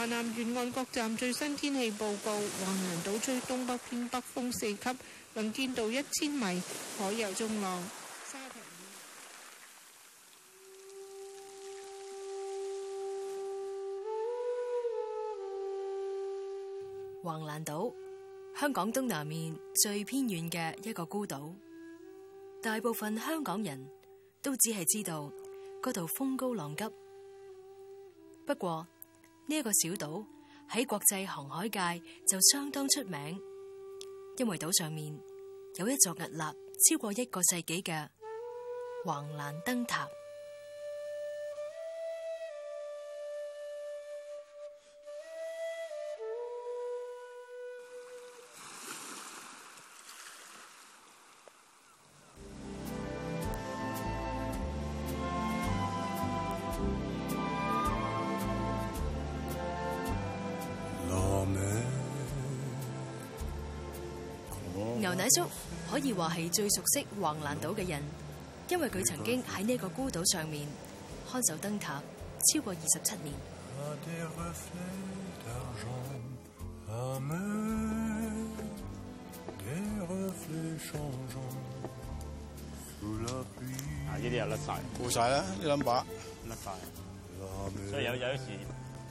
華南沿岸各站最新天氣報告：橫瀾島吹東北偏北風四級，能見度一千米，海有中浪。沙橫瀾島，香港東南面最偏遠嘅一個孤島，大部分香港人都只係知道嗰度風高浪急，不過，呢個小島喺國際航海界就相當出名，因為島上面有一座屹立超過一個世紀嘅橫瀾燈塔。牛奶叔可以話係最熟悉橫瀾島嘅人，因為佢曾經喺呢個孤島上面看守燈塔超過二十七年。啊！呢啲又甩晒，顧晒啦，啲 number 甩晒，所以有有時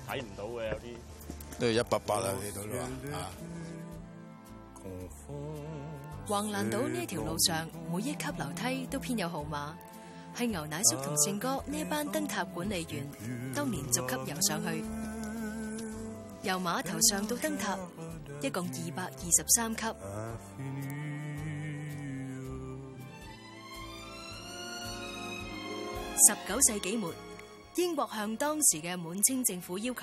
睇唔到嘅，有啲都係一百八啊，到啊！橫瀾島呢條路上，每一級樓梯都編有號碼，係牛奶叔同善哥呢班燈塔管理員當年逐級游上去，由碼頭上到燈塔，一共二百二十三級。十九世紀末，英國向當時嘅滿清政府要求，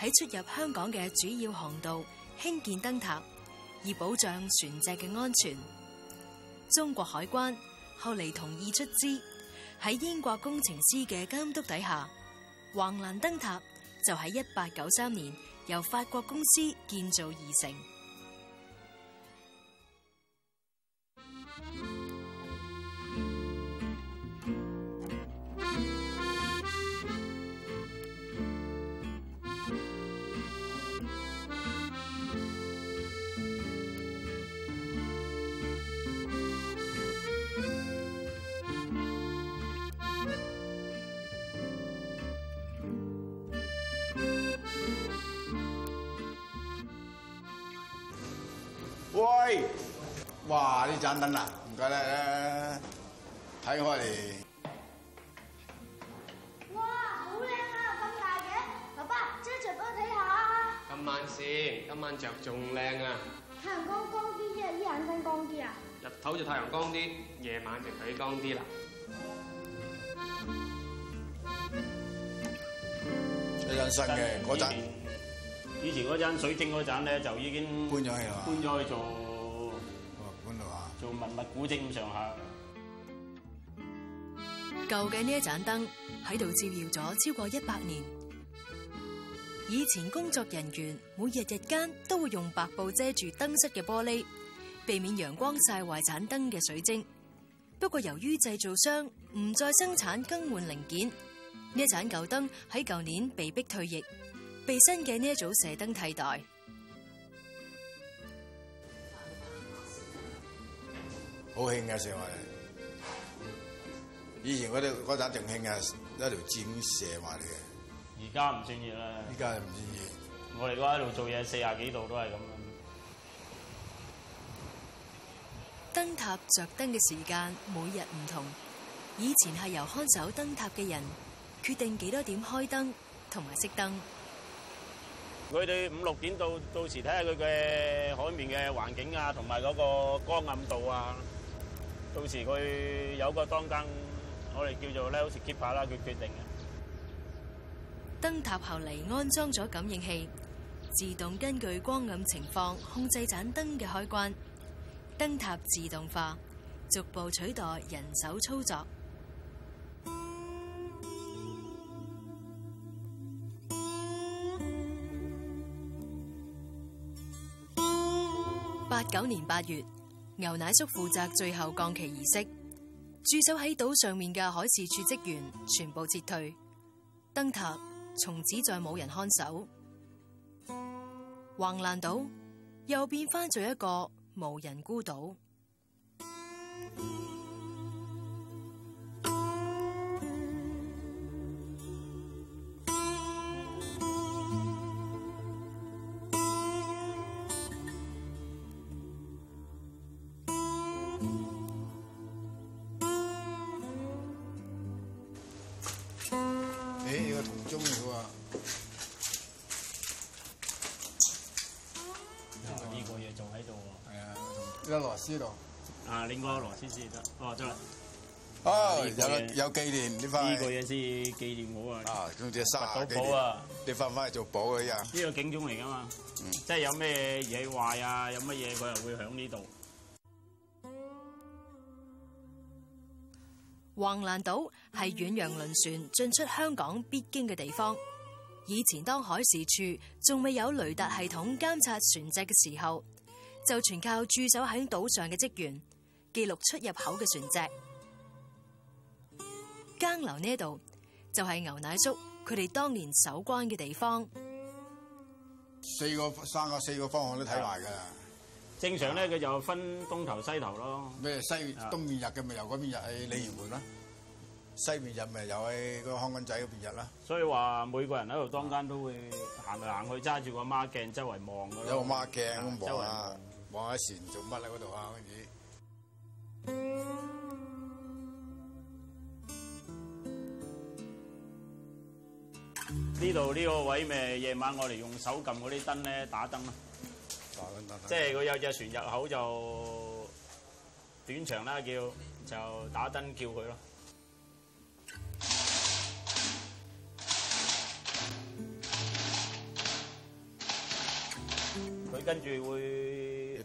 喺出入香港嘅主要航道興建燈塔。以保障船隻嘅安全。中國海關後嚟，同意出資，喺英國工程師嘅監督底下，橫瀾燈塔就喺一八九三年由法國公司建造而成。哇！呢盞燈啊，唔該啦，睇開嚟。哇，好靚啊，咁大嘅，爸爸，着唔着都睇下啊。今晚先，今晚着仲靚啊。太陽光光啲啊，依盞燈光光啲啊。日頭就太陽光啲，夜晚就睇光啲啦。依盞新嘅，嗰盞，以前嗰盞水晶嗰盞咧，就已經搬咗去啦，搬咗去做。估值咁上下。舊嘅呢一盞燈喺度照耀咗超過一百年。以前工作人員每日日間都會用白布遮住燈室嘅玻璃，避免陽光曬壞盞燈嘅水晶。不過由於製造商唔再生產更換零件，呢一盞舊燈喺舊年被迫退役，被新嘅呢一組射燈替代。好興嘅射話嚟，以前嗰啲嗰陣仲興嘅一條箭射話嚟嘅。而家唔專業啦。而家係唔專業，我哋而家喺度做嘢，四啊幾度都係咁。燈塔著燈嘅時間每日唔同，以前係由看守燈塔嘅人決定幾多點開燈同埋熄燈。佢哋五六點到，到時睇下佢嘅海面嘅環境啊，同埋嗰個光暗度啊。到時佢有個當間，我哋叫做咧，好似 keeper 啦，佢決定嘅。燈塔後嚟安裝咗感應器，自動根據光暗情況控制盞燈嘅開關。燈塔自動化，逐步取代人手操作。八九年八月。牛奶叔負責最後降旗儀式，駐守喺島上面嘅海事處職員全部撤退，燈塔從此再冇人看守，橫瀾島又變翻做一個無人孤島。知道啊！拎個羅先生得哦，得啦。哦，有有紀念呢個嘢是紀念我啊。這個，你好啊，用只沙嚟做寶啊！啊你翻返去做寶啊。日。呢個警鐘嚟噶嘛？即係有咩嘢壞啊？有乜嘢佢又會響呢度。橫瀾島係遠洋輪船進出香港必經嘅地方。以前當海事處仲未有雷達系統監察船隻嘅時候。就全靠駐守喺島上嘅職員記錄出入口嘅船隻。更樓呢度就係牛奶叔佢哋當年守關嘅地方。四個三個四個方向都睇埋噶。正常咧，佢就分東頭西頭咯。咩西東面入嘅咪由嗰邊入去鯉魚門啦，西面入咪由去個康君仔嗰邊入啦。所以話每個人喺度當間都會行嚟行去揸住個孖鏡周圍望噶咯。有孖鏡，周圍望。望下船做乜喺度啊？好似呢度呢個位咩？夜晚我哋用手撳嗰啲燈咧，打燈咯。打緊打緊。即係佢有隻船入口就短場啦，叫就打燈叫佢咯。佢跟住會。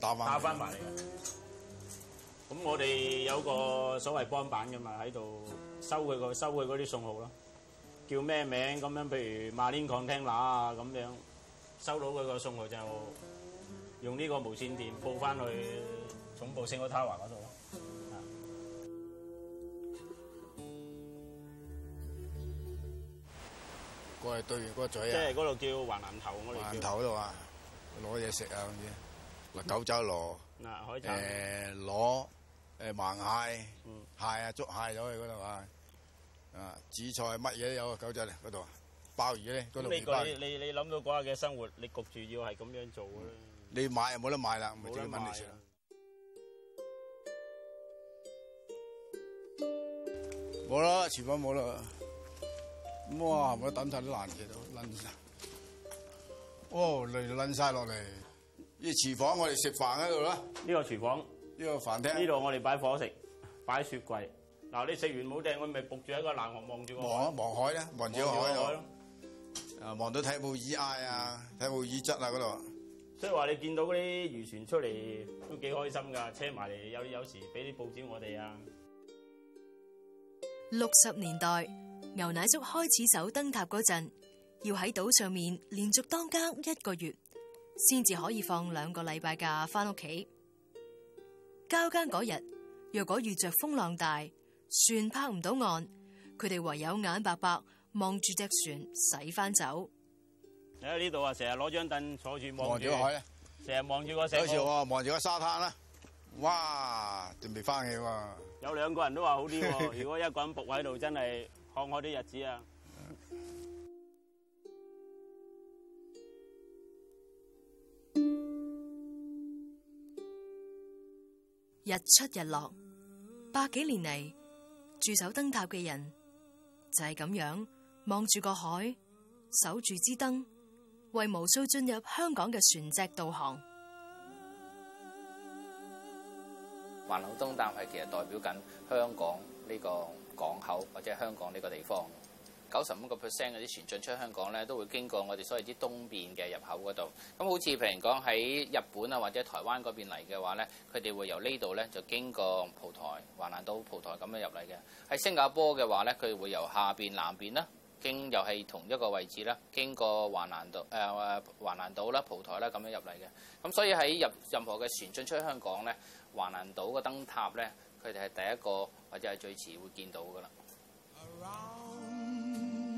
打翻埋嚟嘅，咁我哋有個所謂幫板嘅嘛，喺度收佢個收佢嗰啲信號咯，叫咩名咁樣？譬如 Marine Contingla 啊咁樣，收到佢個信號就用呢個無線電報翻去總部聖奧塔華嗰度咯。過嚟對完個嘴啊！即係嗰度叫橫瀾頭，我哋橫瀾頭度啊，攞嘢食啊咁嘅。嗱，九爪螺，誒螺，誒盲蟹，蟹啊，捉蟹咗去嗰度啊，啊，紫菜，乜嘢都有啊，九爪咧嗰度，鮑魚咧嗰度。呢個你你你諗到嗰日嘅生活，你焗住要係咁樣做啊！你買又冇得買啦，唔係幾蚊嚟食啊！冇啦，全部冇啦，哇，我等下都爛嘅都撚曬，哦，累撚曬落嚟。啲廚房，我哋食飯喺度啦。呢個廚房，呢個飯廳，呢度我哋擺火食，擺雪櫃。嗱，你食完冇掟，我咪伏住喺個欄角望住喎。望望海咧，望住海咯。啊，望到睇部魚埃啊，睇部魚質啊嗰度。所以話你見到嗰啲漁船出嚟都幾開心㗎，車埋嚟有有時俾啲報紙我哋啊。六十年代，牛奶粥開始走燈塔嗰陣，要喺島上面連續當家一個月。先至可以放兩個禮拜假翻屋企。交更嗰日，若果遇着風浪大，船泊唔到岸，佢哋唯有眼白白望住隻船駛翻走。你喺呢度啊，成日攞張凳坐住望住海，成日望住個石。有時候我望住個沙灘啦，哇，仲未翻去喎。有兩個人都話好啲、啊，如果一個人伏喺度， 真係看海啲日子啊。日出日落，百幾年嚟駐守燈塔嘅人就係咁樣望住個海，守住支燈，為無數進入香港嘅船隻導航。橫瀾燈塔係其實代表緊香港呢個港口，或者香港呢個地方。九十五個 percent 嗰啲船進出香港咧，都會經過我哋所謂啲東邊嘅入口嗰度。咁好似譬如講喺日本啊，或者台灣嗰邊嚟嘅話咧，佢哋會由呢度咧就經過蒲台、橫瀾島、蒲台咁樣入嚟嘅。喺新加坡嘅話咧，佢會由下邊南邊啦，經又係同一個位置啦，經過橫瀾島誒、呃、橫瀾島啦、蒲台啦咁樣入嚟嘅。咁所以喺入任何嘅船進出香港咧，橫瀾島個燈塔咧，佢哋係第一個或者係最遲會見到噶啦。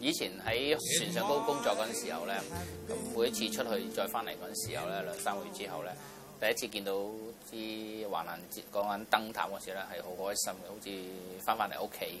以前喺船上高工作陣時候咧，咁每一次出去再翻嚟陣時候咧，兩三個月之後咧，第一次見到啲橫瀾嗰間燈塔嗰時咧，係好開心嘅，好似翻返嚟屋企。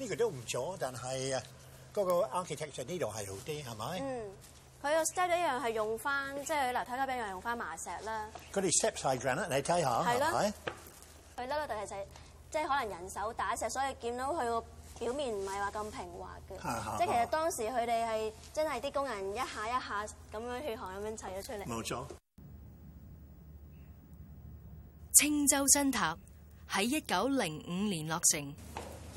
呢個都唔錯，但係嗰個 architecture 呢度係好啲係咪？是嗯，佢個 steps 一樣係用翻，即係樓梯嗰邊一樣用翻麻石啦。佢哋 steps 係 granite，你睇下。係咯的，佢呢個就係使，即係可能人手打石，所以見到佢個表面唔係話咁平滑嘅。的即係其實當時佢哋係真係啲工人一下一下咁樣血汗咁樣砌咗出嚟。冇錯錯，青州新塔喺一九零五年落成。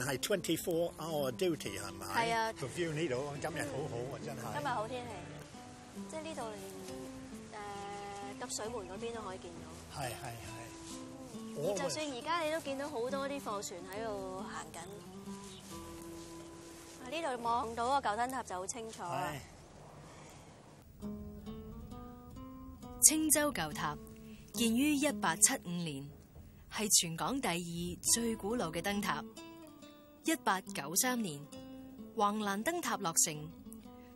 係 twenty-four hour duty，係咪？係啊！睇 view 呢度、really 嗯，今日好好啊，真係。今日好天氣，對即係呢度誒急水門嗰邊都可以見到。係係係。嗯、我就算而家你都見到好多啲貨船喺度行緊，喺呢度望到個舊燈塔就好清楚對青州舊塔建於一八七五年，係全港第二最古老嘅燈塔。一八九三年，橫瀾燈塔落成，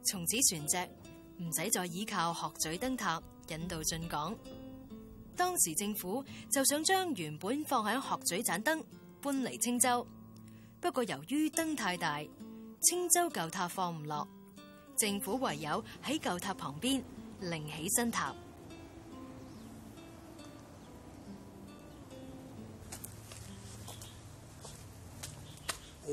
從此船隻唔使再依靠鶴嘴燈塔引導進港。當時政府就想將原本放喺鶴嘴盞燈搬嚟青州，不過由於燈太大，青州舊塔放唔落，政府唯有喺舊塔旁邊另起新塔。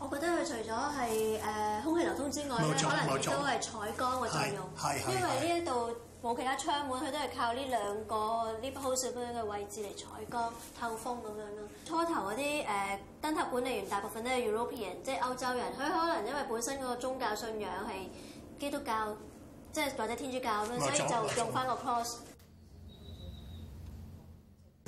我覺得佢除咗係誒空氣流通之外咧，錯可能亦都係採光嘅作用。係錯因為呢一度冇其他窗門，佢是都係靠呢兩個呢 post 咁樣嘅位置嚟採光透風咁樣咯。初頭嗰啲誒燈塔管理員大部分都係 European，即係歐洲人，佢可能因為本身嗰個宗教信仰係基督教，即係或者天主教咁樣，錯所以就用翻個 cross。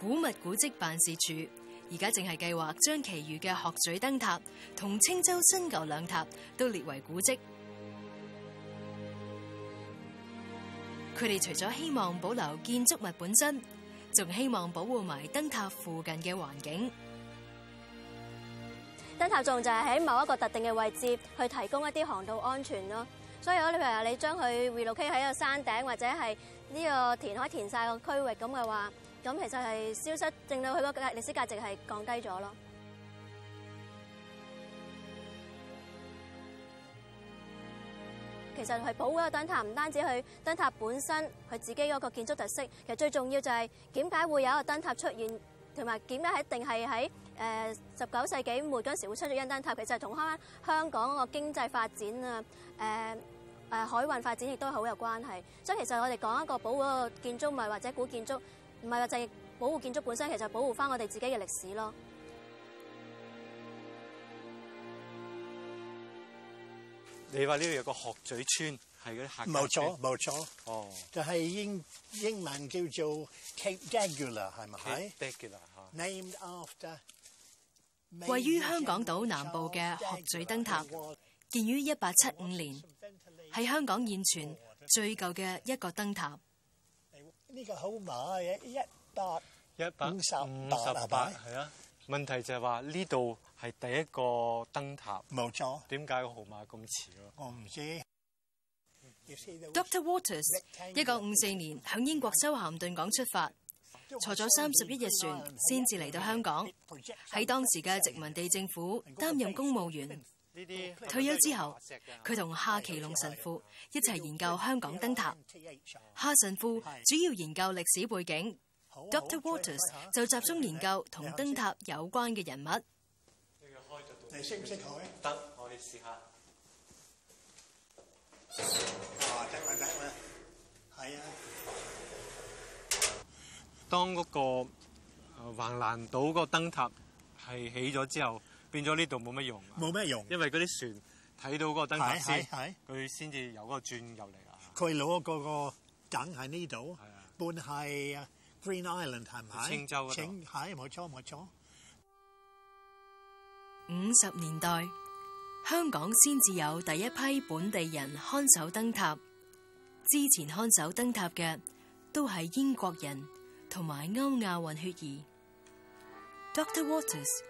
古物古蹟辦事處而家淨係計劃將其餘嘅鶴嘴燈塔同青洲新舊兩塔都列為古蹟。佢哋除咗希望保留建築物本身，仲希望保護埋燈塔附近嘅環境。燈塔仲就係喺某一個特定嘅位置去提供一啲航道安全咯。所以，我哋譬如你將佢回路喺個山頂或者係呢個填海填晒個區域咁嘅話。咁其實係消失，令到佢個歷史價值係降低咗咯。其實係保護嗰個燈塔，唔單止去燈塔本身佢自己嗰個建築特色，其實最重要就係點解會有一個燈塔出現，同埋點解係一定係喺誒十九世紀末嗰時會出咗一燈塔。其實係同香香港個經濟發展啊、誒誒海運發展亦都好有關係。所以其實我哋講一個保護嗰個建築物或者古建築。唔係話就係、是、保護建築本身，其實保護翻我哋自己嘅歷史咯。你話呢度有個鶴咀村，係嗰啲客家？冇錯，冇、欸、錯。哦，就係英英文叫做 Cape D'Aguilar 係咪？係 D'Aguilar, named after。位於香港島南部嘅鶴咀燈塔，D'Aguilar, 建於一八七五年，係香港現存最舊嘅一個燈塔。呢個號碼嘅一百五十百五十八，係啊？問題就係話呢度係第一個燈塔，冇錯。點解個號碼咁遲咯？我唔知。Dr. Waters 一九五四年響英國修咸頓港出發，坐咗三十一日船先至嚟到香港，喺當時嘅殖民地政府擔任公務員。退休之後，佢同夏其龍神父一齊研究香港燈塔。夏神父主要研究歷史背景，Dr. Waters 就集中研究同燈塔有關嘅人物。你識唔識得，我哋試下。啊，當嗰個橫瀾島個燈塔係起咗之後。變咗呢度冇乜用，冇乜用，因為嗰啲船睇到嗰個燈塔先，佢先至有嗰個轉入嚟、那個、啊！佢攞嗰個梗喺呢度，半係 Green Island 係唔係？青州嗰度，係冇錯冇錯。五十年代，香港先至有第一批本地人看守燈塔。之前看守燈塔嘅都係英國人同埋歐亞混血兒。Dr. Waters。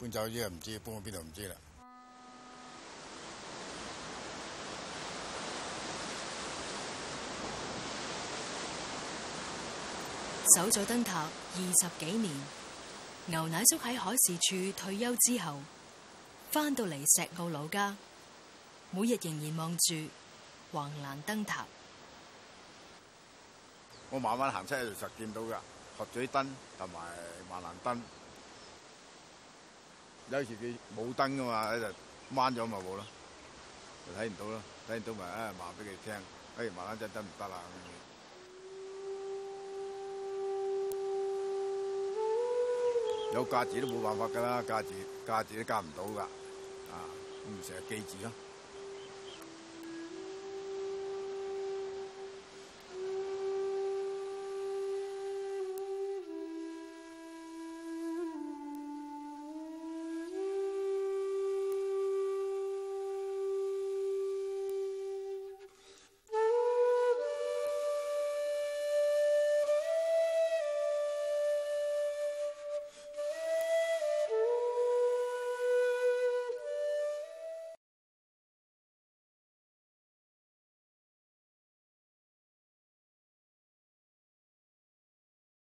搬走依家唔知，搬去邊度唔知啦。守咗燈塔二十幾年，牛奶叔喺海事處退休之後，翻到嚟石澳老家，每日仍然望住橫瀾燈塔。我晚晚行出去就見到噶鶴咀燈同埋橫瀾燈。有時佢冇燈噶嘛，喺度掹咗咪冇咯，就睇唔到咯，睇唔到咪啊話俾佢聽，哎麻甩真係得唔得啦，有架子都冇辦法噶啦，架子架子都加唔到噶，啊咁成日記住咯。